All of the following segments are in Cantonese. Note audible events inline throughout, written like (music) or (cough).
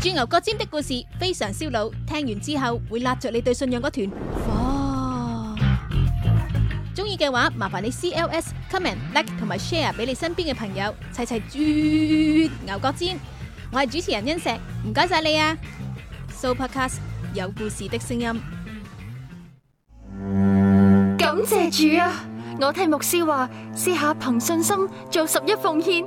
鑽牛角尖的故事非常燒腦，聽完之後會撻着你對信仰嗰團火。中意嘅話，麻煩你 C L S comment like 同埋 share 俾你身邊嘅朋友，齊齊鑽牛角尖。我係主持人恩石，唔該晒你啊！Sooopodcast 有故事的聲音，感謝主啊！我聽牧師話，試下憑信心做十一奉獻。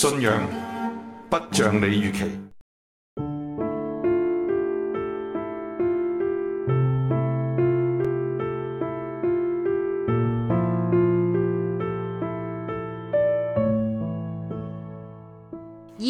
信仰不像你預期。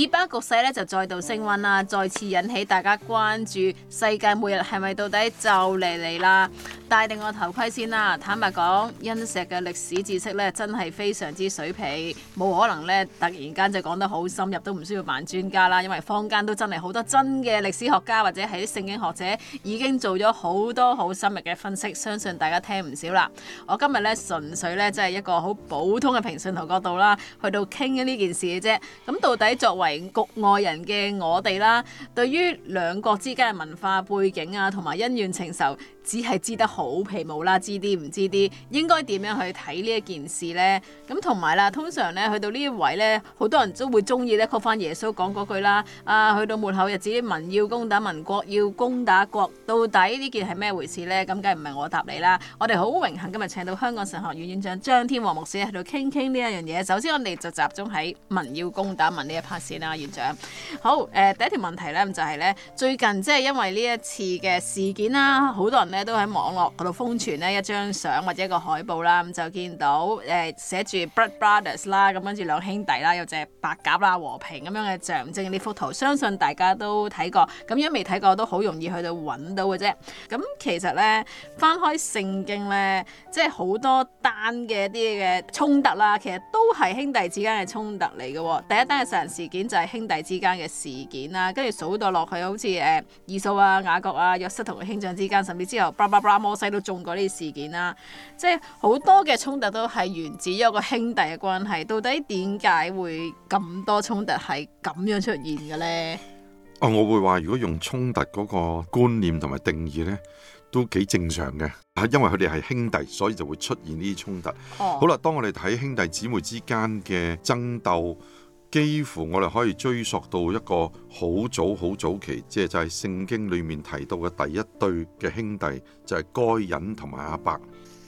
以巴局勢咧，就再度升温啦，再次引起大家關注。世界末日係咪到底就嚟嚟啦？戴定個頭盔先啦。坦白講，恩石嘅歷史知識咧，真係非常之水皮，冇可能咧突然間就講得好深入，都唔需要扮專家啦。因為坊間都真係好多真嘅歷史學家或者係啲聖經學者已經做咗好多好深入嘅分析，相信大家聽唔少啦。我今日咧，純粹咧，即係一個好普通嘅平信徒角度啦，去到傾緊呢件事嘅啫。咁到底作為局外人嘅我哋啦，對於兩國之間嘅文化背景啊，同埋恩怨情仇，只係知得好皮毛啦，知啲唔知啲，應該點樣去睇呢一件事呢？咁同埋啦，通常咧去到呢一位咧，好多人都會中意咧曲返翻耶穌講嗰句啦。啊，去到末後日子，民要攻打民，國要攻打國，到底呢件係咩回事呢？咁梗係唔係我答你啦？我哋好榮幸今日請到香港神學院院長張天和牧師喺度傾傾呢一樣嘢。首先，我哋就集中喺民要攻打民呢一 part 先啦，院長。好，呃、第一條問題咧，就係、是、咧最近即係因為呢一次嘅事件啦，好多人咧。都喺網絡嗰度瘋傳呢一張相或者一個海報啦，咁就見到誒寫住 Bread Brothers 啦，咁跟住兩兄弟啦，有隻白鴿啦，和平咁樣嘅象徵。呢幅圖相信大家都睇過，咁樣未睇過都好容易去到搵到嘅啫。咁其實咧翻開聖經咧，即係好多單嘅啲嘅衝突啦，其實都係兄弟之間嘅衝突嚟嘅。第一單嘅殺人事件就係兄弟之間嘅事件啦，跟住數到落去好似誒，以掃啊、雅各啊、約瑟同佢兄長之間，甚至之後。巴拉巴摩西都中過呢啲事件啦，即係好多嘅衝突都係源自一個兄弟嘅關係。到底點解會咁多衝突係咁樣出現嘅咧？啊，我會話如果用衝突嗰個觀念同埋定義咧，都幾正常嘅。啊，因為佢哋係兄弟，所以就會出現呢啲衝突。哦、好啦，當我哋睇兄弟姊妹之間嘅爭鬥，幾乎我哋可以追溯到一個好早好早期，即係就係、是、聖經裏面提到嘅第一對嘅兄弟，就係該隱同埋亞伯。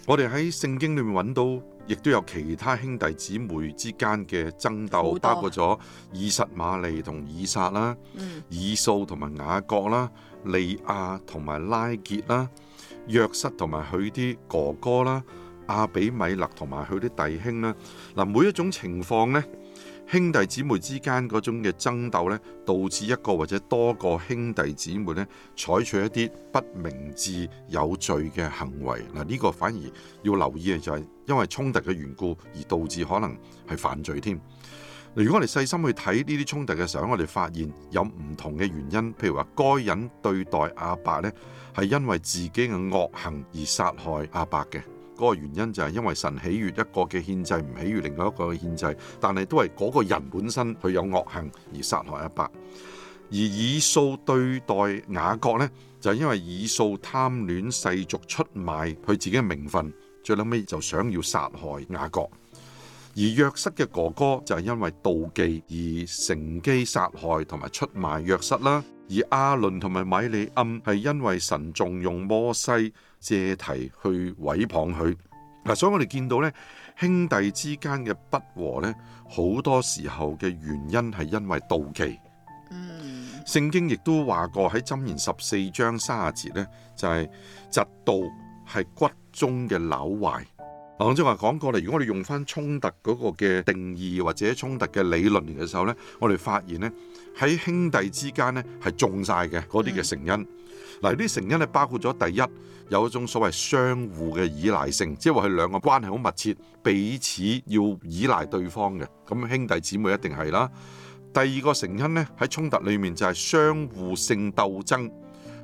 我哋喺聖經裏面揾到，亦都有其他兄弟姊妹之間嘅爭鬥，包括咗以實瑪利同以撒啦，以掃同埋雅各啦，利亞同埋拉結啦，約瑟同埋佢啲哥哥啦，亞比米勒同埋佢啲弟兄啦。嗱，每一種情況呢。兄弟姊妹之間嗰種嘅爭鬥呢，導致一個或者多個兄弟姊妹呢，採取一啲不明智有罪嘅行為。嗱，呢個反而要留意嘅就係，因為衝突嘅緣故而導致可能係犯罪添。如果我哋細心去睇呢啲衝突嘅時候，我哋發現有唔同嘅原因，譬如話，該隱對待亞伯呢，係因為自己嘅惡行而殺害亞伯嘅。嗰、那個原因就係因為神喜悅一個嘅獻祭，唔喜悅另外一個嘅獻祭，但係都係嗰個人本身佢有惡行而殺害亞伯。而以掃對待雅各呢，就係因為以掃貪戀世俗出賣佢自己嘅名分，最撚尾就想要殺害雅各。而約瑟嘅哥哥就係因為妒忌而乘機殺害同埋出賣約瑟啦。而亞倫同埋米利暗係因為神重用摩西。借題去毀謗佢。嗱，所以我哋見到咧，兄弟之間嘅不和咧，好多時候嘅原因係因為妒忌。嗯，聖經亦都話過喺箴言十四章三十節咧，就係嫉妒係骨中嘅扭壞。嗱，即係話講過嚟，如果我哋用翻衝突嗰個嘅定義或者衝突嘅理論嚟嘅時候咧，我哋發現咧，喺兄弟之間咧係中曬嘅嗰啲嘅成因。嗯嗱，啲成因咧包括咗第一，有一種所謂相互嘅依賴性，即係話佢兩個關係好密切，彼此要依賴對方嘅，咁兄弟姊妹一定係啦。第二個成因呢，喺衝突裏面就係相互性鬥爭，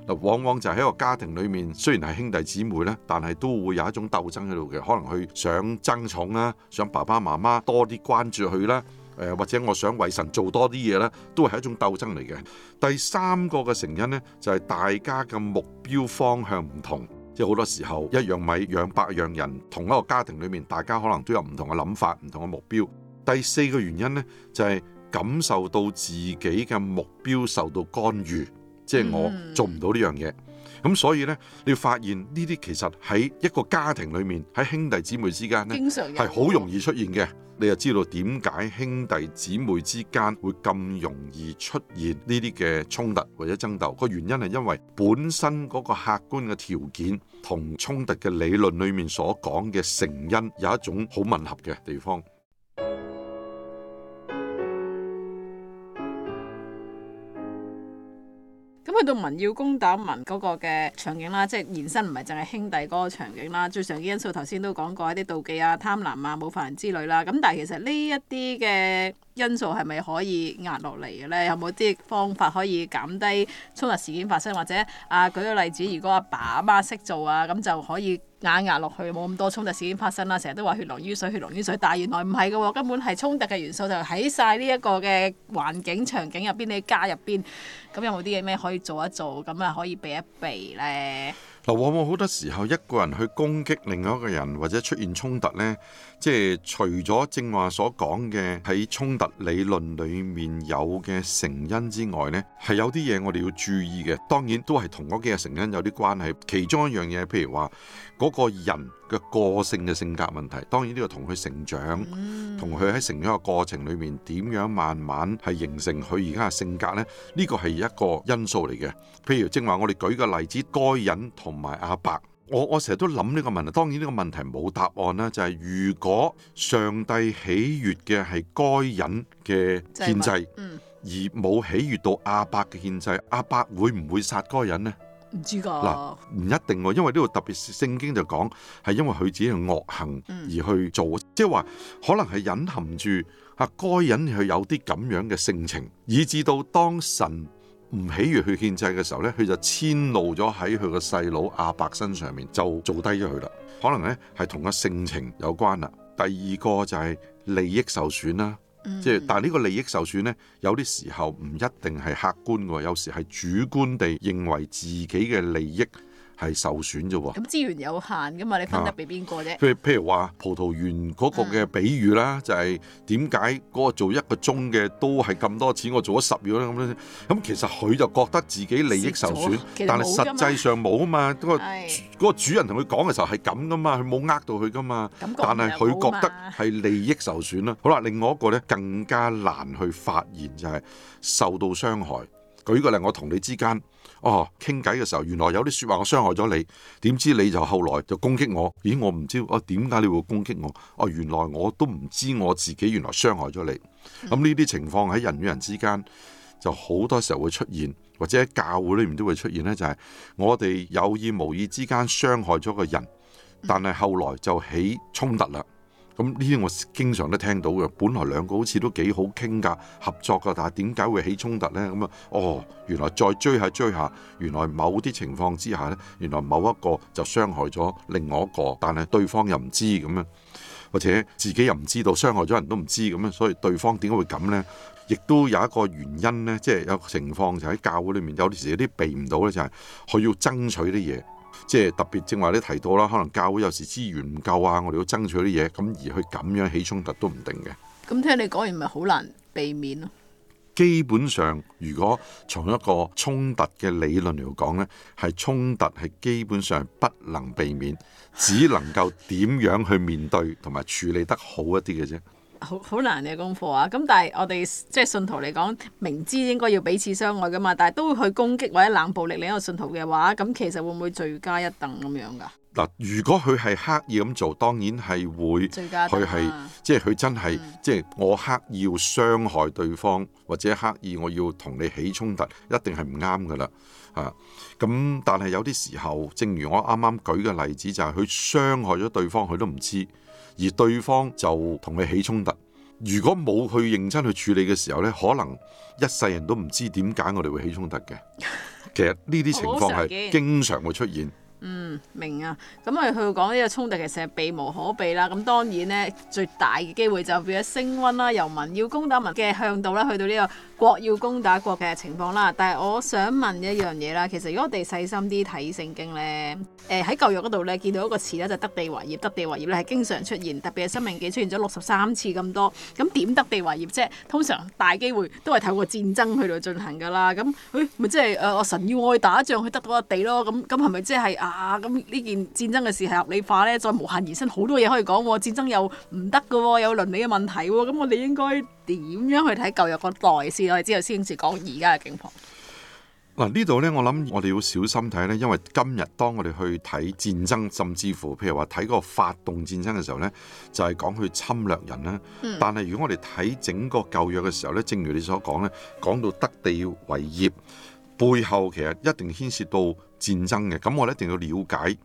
嗱，往往就係一個家庭裏面，雖然係兄弟姊妹咧，但係都會有一種鬥爭喺度嘅，可能佢想爭寵啦，想爸爸媽媽多啲關注佢啦。誒或者我想為神做多啲嘢呢都係一種鬥爭嚟嘅。第三個嘅成因呢，就係大家嘅目標方向唔同，即係好多時候一樣米養百樣人，同一個家庭裏面，大家可能都有唔同嘅諗法、唔同嘅目標。第四個原因呢，就係感受到自己嘅目標受到干預，即係我做唔到呢樣嘢。咁所以呢，你發現呢啲其實喺一個家庭裏面，喺兄弟姊妹之間呢，係好容易出現嘅。你又知道點解兄弟姊妹之間會咁容易出現呢啲嘅衝突或者爭鬥？個原因係因為本身嗰個客觀嘅條件同衝突嘅理論裏面所講嘅成因有一種好吻合嘅地方。去到民要攻打民嗰個嘅場景啦，即係延伸唔係淨係兄弟嗰個場景啦。最常嘅因素頭先都講過一啲妒忌啊、貪婪啊、冇犯人之類啦。咁但係其實呢一啲嘅因素係咪可以壓落嚟嘅咧？有冇啲方法可以減低衝突事件發生，或者啊，舉個例子，如果阿爸阿媽識做啊，咁就可以。壓壓落去冇咁多衝突事件發生啦，成日都話血濃於水，血濃於水，但係原來唔係嘅喎，根本係衝突嘅元素就喺晒呢一個嘅環境場景入邊，你家入邊咁有冇啲嘢咩可以做一做，咁啊可以避一避呢？嗱，往往好多時候一個人去攻擊另外一個人，或者出現衝突呢，即係除咗正話所講嘅喺衝突理論裡面有嘅成因之外呢，係有啲嘢我哋要注意嘅。當然都係同嗰幾個成因有啲關係，其中一樣嘢譬如話。嗰、那個人嘅個性嘅性格問題，當然呢個同佢成長，同佢喺成長嘅過程裏面點樣慢慢係形成佢而家嘅性格呢？呢、這個係一個因素嚟嘅。譬如正話，我哋舉個例子，該隱同埋亞伯，我我成日都諗呢個問題。當然呢個問題冇答案啦，就係、是、如果上帝喜悅嘅係該隱嘅獻祭，制嗯、而冇喜悅到亞伯嘅獻祭，亞伯會唔會殺該隱呢？唔知噶嗱，唔一定，因為呢度特別是聖經就講係因為佢自己惡行而去做，嗯、即係話可能係隱含住啊，該隱係有啲咁樣嘅性情，以至到當神唔喜悅去獻祭嘅時候呢，佢就遷怒咗喺佢個細佬阿伯身上面，就做低咗佢啦。可能呢係同個性情有關啦。第二個就係利益受損啦。即係，但係呢個利益受損呢，有啲時候唔一定係客觀嘅，有時係主觀地認為自己嘅利益，係受損啫喎，咁資源有限噶嘛，你分得俾邊個啫？譬如譬如話葡萄園嗰個嘅比喻啦，就係點解嗰個做一個鐘嘅都係咁多錢，我做咗十秒咧咁咧，咁其實佢就覺得自己利益受損，但係實際上冇啊嘛，嗰個嗰個主人同佢講嘅時候係咁噶嘛，佢冇呃到佢噶嘛，但係佢覺得係利益受損啦。好啦，另外一個咧更加難去發現就係受到傷害。舉個例，我同你之間。哦，傾偈嘅時候，原來有啲說話我傷害咗你，點知你就後來就攻擊我？咦，我唔知哦，點解你會攻擊我？哦，原來我都唔知我自己原來傷害咗你。咁呢啲情況喺人與人之間就好多時候會出現，或者喺教會裏面都會出現呢，就係我哋有意無意之間傷害咗個人，但係後來就起衝突啦。咁呢啲我經常都聽到嘅，本來兩個好似都幾好傾㗎，合作㗎，但係點解會起衝突呢？咁啊，哦，原來再追下追下，原來某啲情況之下呢，原來某一個就傷害咗另外一個，但係對方又唔知咁樣，或者自己又唔知道傷害咗人都唔知咁樣，所以對方點解會咁呢？亦都有一個原因呢，即係有個情況就喺教會裡面有啲時有啲避唔到呢，就係佢要爭取啲嘢。即係特別正話你提到啦，可能教會有時資源唔夠啊，我哋要爭取啲嘢，咁而去咁樣起衝突都唔定嘅。咁聽你講完咪好難避免咯。基本上，如果從一個衝突嘅理論嚟講呢，係衝突係基本上不能避免，只能夠點樣去面對同埋處理得好一啲嘅啫。好好難嘅功課啊！咁但係我哋即係信徒嚟講，明知應該要彼此相愛噶嘛，但係都會去攻擊或者冷暴力另一個信徒嘅話，咁其實會唔會罪加一等咁樣噶？嗱，如果佢係刻意咁做，當然係會，罪加一等，佢係即係佢真係即係我刻意要傷害對方，或者刻意我要同你起衝突，一定係唔啱噶啦吓。咁、啊、但係有啲時候，正如我啱啱舉嘅例子，就係佢傷害咗對方，佢都唔知。而對方就同你起衝突，如果冇去認真去處理嘅時候呢，可能一世人都唔知點解我哋會起衝突嘅。其實呢啲情況係經常會出現。嗯，明啊，咁啊佢講呢個衝突其實係避無可避啦。咁當然呢，最大嘅機會就變咗升温啦，由民要攻打民嘅向度啦，去到呢個國要攻打國嘅情況啦。但係我想問一樣嘢啦，其實如果我哋細心啲睇聖經呢，誒喺舊約嗰度呢，見到一個詞咧就得地為業，得地為業咧係經常出現，特別係申命記出現咗六十三次咁多。咁點得地為業啫？通常大機會都係透過戰爭去到進行噶啦。咁咪即係我神要我去打仗去得到個地咯？咁咁係咪即係啊！咁呢件戰爭嘅事係合理化呢，再無限延伸好多嘢可以講。哦，戰爭又唔得嘅，有倫理嘅問題。咁、哦、我哋應該點樣去睇舊約嗰代先，我哋之後先至講而家嘅境況。嗱、啊，呢度呢，我諗我哋要小心睇呢，因為今日當我哋去睇戰爭，甚至乎譬如話睇個發動戰爭嘅時候呢，就係、是、講去侵略人啦、嗯。但係如果我哋睇整個舊約嘅時候呢，正如你所講呢，講到得地為業。背後其實一定牽涉到戰爭嘅，咁我哋一定要了解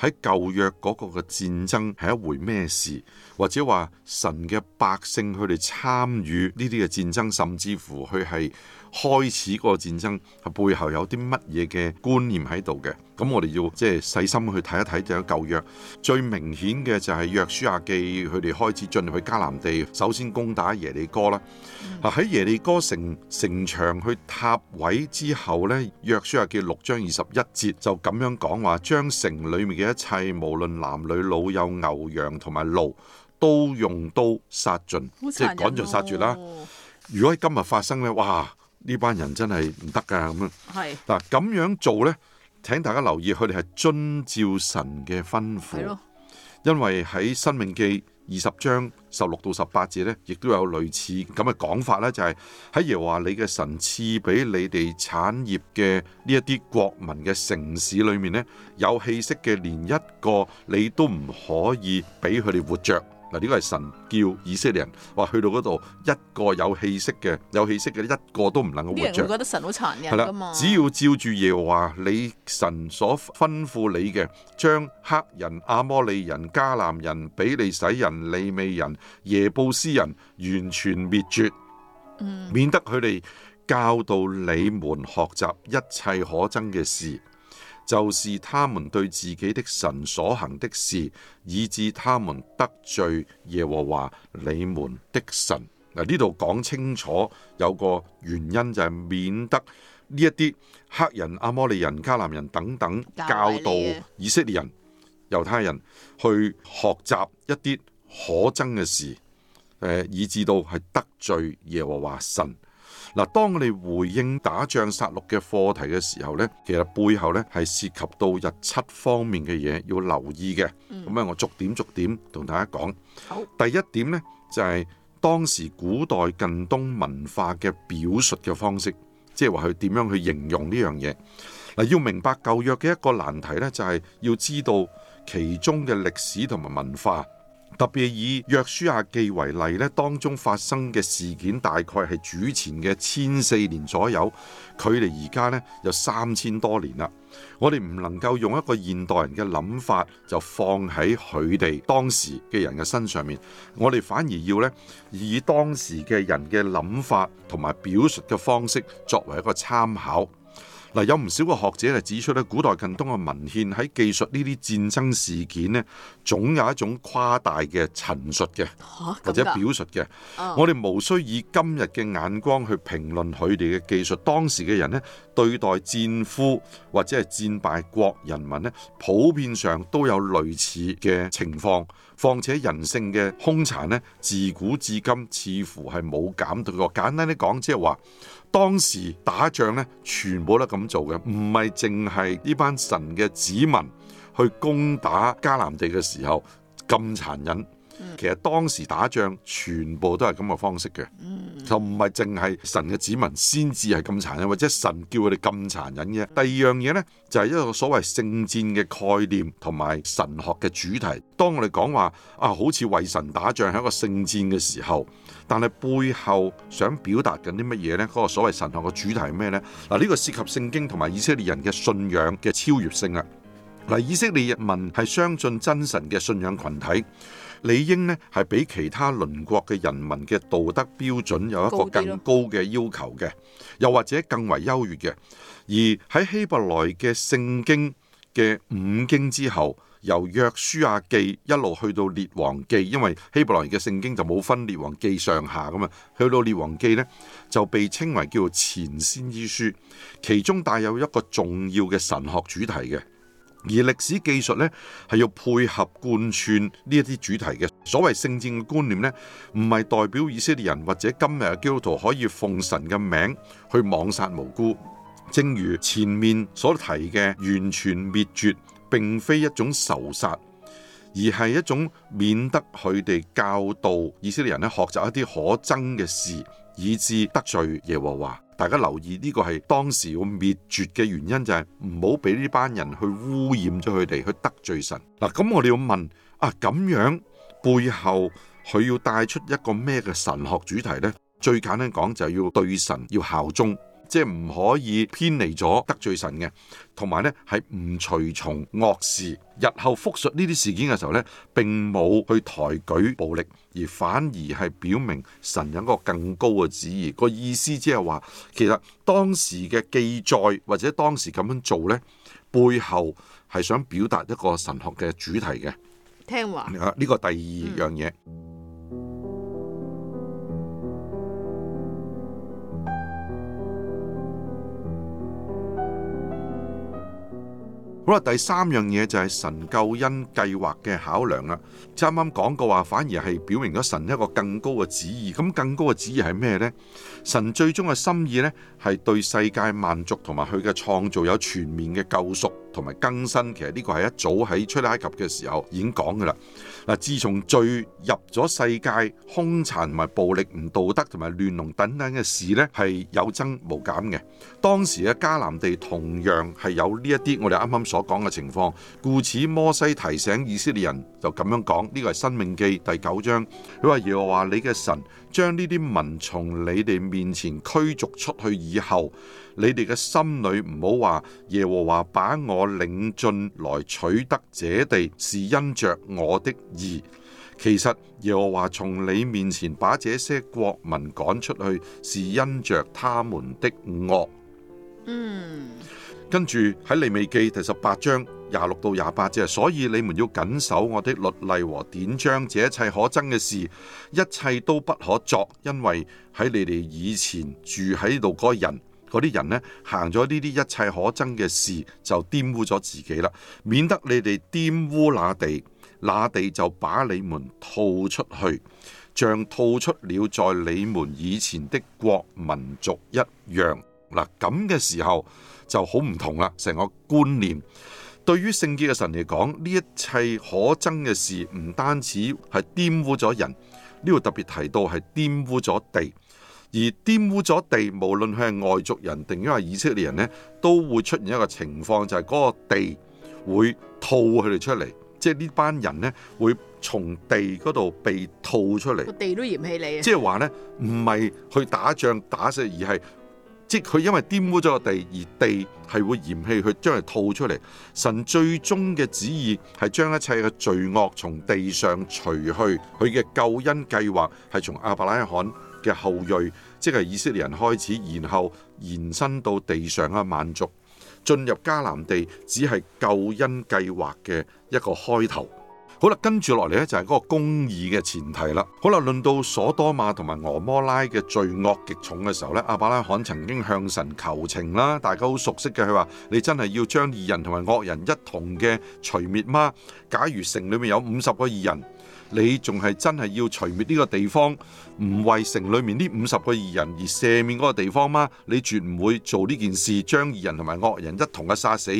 喺舊約嗰個嘅戰爭係一回咩事，或者話神嘅百姓佢哋參與呢啲嘅戰爭，甚至乎佢係。開始個戰爭係背後有啲乜嘢嘅觀念喺度嘅，咁我哋要即係、就是、細心去睇一睇。就有舊約最明顯嘅就係約書亞記，佢哋開始進入去迦南地，首先攻打耶利哥啦。喺、嗯、耶利哥城城牆去塔位之後呢，約書亞記六章二十一節就咁樣講話，將城裡面嘅一切，無論男女老幼、牛羊同埋驢，都用刀殺盡，即係、就是、趕盡殺絕啦、哦。如果喺今日發生呢，哇！呢班人真係唔得噶咁啊！嗱，咁樣做咧，請大家留意，佢哋係遵照神嘅吩咐。係咯，因為喺《申命記》二十章十六到十八節咧，亦都有類似咁嘅講法啦，就係喺耶和華你嘅神賜俾你哋產業嘅呢一啲國民嘅城市裏面咧，有氣息嘅連一個你都唔可以俾佢哋活着。嗱，呢個係神叫以色列人話去到嗰度，一個有氣息嘅、有氣息嘅，一個都唔能夠活着。一覺得神好殘忍，只要照住耶和華你神所吩咐你嘅，將黑人、阿摩利人、迦南人、比利洗人、利美人、耶布斯人完全滅絕，嗯、免得佢哋教導你們學習一切可憎嘅事。就是他們對自己的神所行的事，以致他們得罪耶和華你們的神。嗱，呢度講清楚有個原因就係免得呢一啲赫人、阿摩利人、迦南人等等教導以色列人、猶太人去學習一啲可憎嘅事，誒，以致到係得罪耶和華神。嗱，當我哋回應打仗殺戮嘅課題嘅時候呢，其實背後呢，係涉及到日七方面嘅嘢要留意嘅。咁、嗯、啊，我逐點逐點同大家講。好，第一點呢，就係當時古代近東文化嘅表述嘅方式，即係話佢點樣去形容呢樣嘢。嗱，要明白舊約嘅一個難題呢，就係要知道其中嘅歷史同埋文化。特別以約書亞記為例咧，當中發生嘅事件大概係主前嘅千四年左右，距離而家咧有三千多年啦。我哋唔能夠用一個現代人嘅諗法，就放喺佢哋當時嘅人嘅身上面。我哋反而要咧以當時嘅人嘅諗法同埋表述嘅方式作為一個參考。嗱，有唔少個學者嚟指出咧，古代近東嘅文獻喺記述呢啲戰爭事件咧，總有一種誇大嘅陳述嘅，或者表述嘅。我哋無需以今日嘅眼光去評論佢哋嘅技術，當時嘅人咧，對待戰俘或者係戰敗國人民咧，普遍上都有類似嘅情況。況且人性嘅兇殘咧，自古至今似乎係冇減到過。簡單啲講，即係話。當時打仗呢，全部都咁做嘅，唔係淨係呢班神嘅子民去攻打迦南地嘅時候咁殘忍。其實當時打仗全部都係咁嘅方式嘅，就唔係淨係神嘅子民先至係咁殘忍，或者神叫佢哋咁殘忍嘅。第二樣嘢呢，就係一個所謂聖戰嘅概念同埋神學嘅主題。當我哋講話啊，好似為神打仗係一個聖戰嘅時候，但係背後想表達緊啲乜嘢呢？嗰個所謂神學嘅主題係咩呢？嗱，呢個涉及聖經同埋以色列人嘅信仰嘅超越性啊。嗱，以色列人民係相信真神嘅信仰群體。理應呢係比其他鄰國嘅人民嘅道德標準有一個更高嘅要求嘅，又或者更為優越嘅。而喺希伯來嘅聖經嘅五經之後，由約書亞記一路去到列王記，因為希伯來嘅聖經就冇分列王記上下咁啊，去到列王記呢，就被稱為叫做前先知書，其中帶有一個重要嘅神學主題嘅。而歷史技術咧，係要配合貫穿呢一啲主題嘅。所謂聖戰嘅觀念咧，唔係代表以色列人或者今日嘅基督徒可以奉神嘅名去妄殺無辜。正如前面所提嘅，完全滅絕並非一種仇殺，而係一種免得佢哋教導以色列人咧學習一啲可憎嘅事，以致得罪耶和華。大家留意呢個係當時要滅絕嘅原因，就係唔好俾呢班人去污染咗佢哋，去得罪神。嗱，咁我哋要問啊，咁樣背後佢要帶出一個咩嘅神學主題呢？最簡單講，就係要對神要效忠。即係唔可以偏離咗得罪神嘅，同埋呢係唔隨從惡事。日後復述呢啲事件嘅時候呢，並冇去抬舉暴力，而反而係表明神有一個更高嘅旨意。個意思即係話，其實當時嘅記載或者當時咁樣做呢，背後係想表達一個神學嘅主題嘅。聽話。呢、啊呢個第二樣嘢。嗯好啦，第三樣嘢就係神救恩計劃嘅考量啦。啱啱講過話，反而係表明咗神一個更高嘅旨意。咁更高嘅旨意係咩呢？神最終嘅心意呢，係對世界萬族同埋佢嘅創造有全面嘅救贖。同埋更新，其實呢個係一早喺出埃及嘅時候已經講噶啦。嗱，自從罪入咗世界，兇殘同埋暴力、唔道德同埋亂倫等等嘅事咧，係有增無減嘅。當時嘅迦南地同樣係有呢一啲我哋啱啱所講嘅情況，故此摩西提醒以色列人就咁樣講，呢個係《申命記》第九章，佢話：耶和華你嘅神。將呢啲民從你哋面前驅逐出去以後，你哋嘅心裏唔好話，耶和華把我領進來取得這地是因着我的義，其實耶和華從你面前把這些國民趕出去是因着他們的惡。嗯。跟住喺《利未記》第十八章廿六到廿八啫，所以你們要謹守我的律例和典章，這一切可憎嘅事，一切都不可作，因為喺你哋以前住喺度嗰個人嗰啲人呢，行咗呢啲一切可憎嘅事，就玷污咗自己啦，免得你哋玷污那地，那地就把你們吐出去，像吐出了在你們以前的國民族一樣嗱。咁嘅時候。就好唔同啦，成個觀念。對於聖潔嘅神嚟講，呢一切可憎嘅事，唔單止係玷污咗人，呢度特別提到係玷污咗地。而玷污咗地，無論佢係外族人定抑或以色列人呢，都會出現一個情況，就係、是、嗰個地會吐佢哋出嚟，即係呢班人呢會從地嗰度被吐出嚟。個地都嫌棄你，即係話呢唔係去打仗打死，而係。即佢因為玷污咗個地，而地係會嫌棄佢將佢吐出嚟。神最終嘅旨意係將一切嘅罪惡從地上除去。佢嘅救恩計劃係從亞伯拉罕嘅後裔，即係以色列人開始，然後延伸到地上嘅萬族進入迦南地，只係救恩計劃嘅一個開頭。好啦，跟住落嚟咧就係嗰個公義嘅前提啦。好啦，論到所多瑪同埋蛾摩拉嘅罪惡極重嘅時候咧，亞伯拉罕曾經向神求情啦，大家好熟悉嘅，佢話你真係要將義人同埋惡人一同嘅除滅嗎？假如城裏面有五十個義人。你仲係真係要除滅呢個地方，唔為城裏面呢五十個義人而赦免嗰個地方嗎？你絕唔會做呢件事，將義人同埋惡人一同嘅殺死，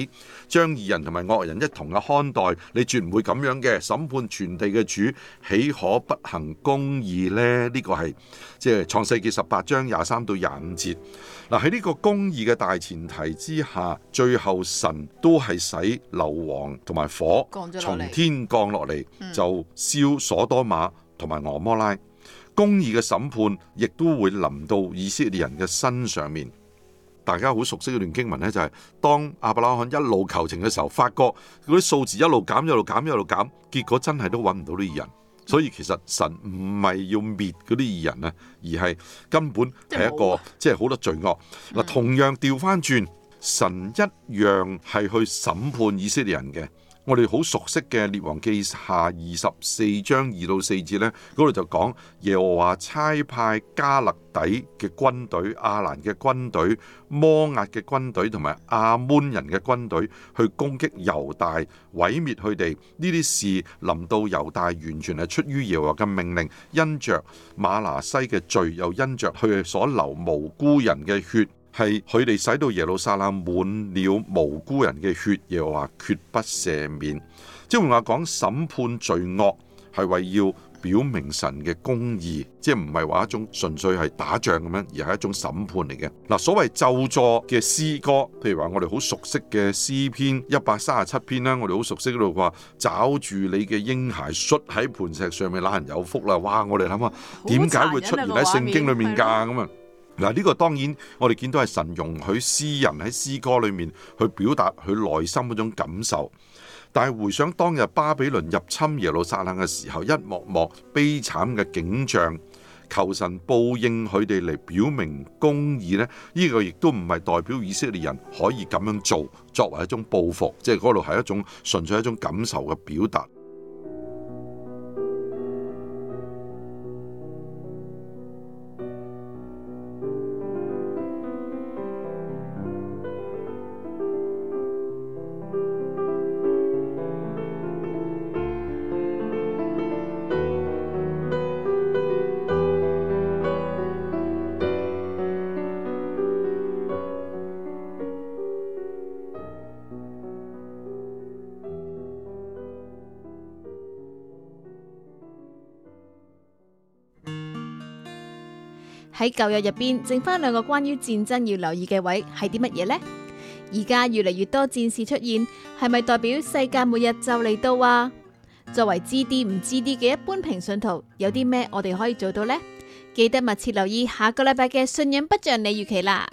將義人同埋惡人一同嘅看待，你絕唔會咁樣嘅。審判全地嘅主，豈可不行公義呢？呢、呢個係即係創世記十八章廿三到廿五節。嗱，喺呢個公義嘅大前提之下，最後神都係使硫磺同埋火從天降落嚟、嗯，就燒所多瑪同埋俄摩拉。公義嘅審判亦都會臨到以色列人嘅身上面。大家好熟悉嗰段經文咧，就係、是、當阿伯拉罕一路求情嘅時候，發覺嗰啲數字一路減一路減一路減，一路減，結果真係都揾唔到呢啲人。所以其實神唔係要滅嗰啲異人係係係啊，而係根本係一個即係好多罪惡。嗱、嗯，同樣調翻轉，神一樣係去審判以色列人嘅。我哋好熟悉嘅《列王紀》下二十四章二到四節呢，嗰度就講耶和華差派加勒底嘅軍隊、亞蘭嘅軍隊、摩押嘅軍隊同埋亞捫人嘅軍隊去攻擊猶大，毀滅佢哋。呢啲事臨到猶大，完全係出於耶和華嘅命令，因着馬拿西嘅罪，又因着佢所流無辜人嘅血。係佢哋使到耶路撒冷滿了無辜人嘅血，又話決不赦免，即係話講審判罪惡，係為要表明神嘅公義，即係唔係話一種純粹係打仗咁樣，而係一種審判嚟嘅。嗱，所謂咒詛嘅詩歌，譬如話我哋好熟悉嘅詩篇一百三十七篇啦，我哋好熟悉嗰度話找住你嘅嬰孩，摔喺磐石上面，那人有福啦。哇，我哋諗下，點解會出現喺聖經裏面噶咁啊？嗱，呢個當然我哋見到係神容許詩人喺詩歌裏面去表達佢內心嗰種感受，但係回想當日巴比倫入侵耶路撒冷嘅時候，一幕幕悲慘嘅景象，求神報應佢哋嚟表明公義咧，呢、呢個亦都唔係代表以色列人可以咁樣做，作為一種報復，即係嗰度係一種純粹一種感受嘅表達。喺舊約入邊，剩返兩個關於戰爭要留意嘅位係啲乜嘢呢？而家越嚟越多戰事出現，係咪代表世界末日就嚟到啊？作為知啲唔知啲嘅一般平信徒，有啲咩我哋可以做到呢？記得密切留意下個禮拜嘅信仰不像你預期啦。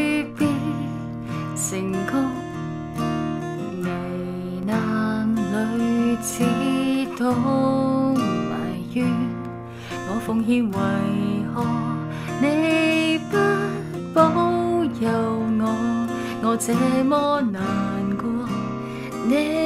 (music) 我埋怨我奉獻，為何你不保佑我？我這麼難過，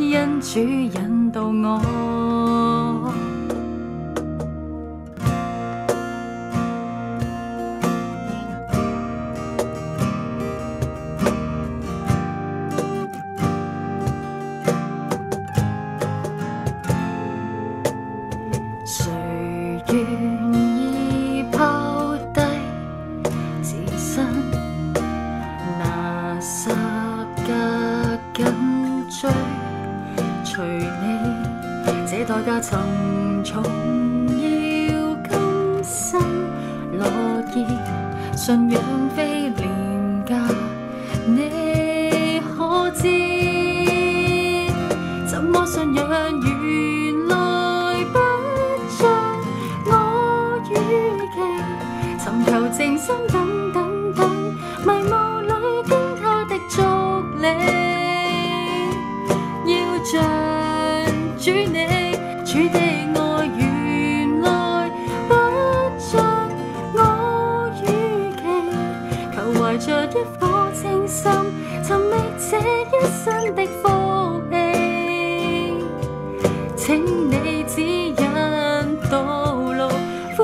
因主引導我。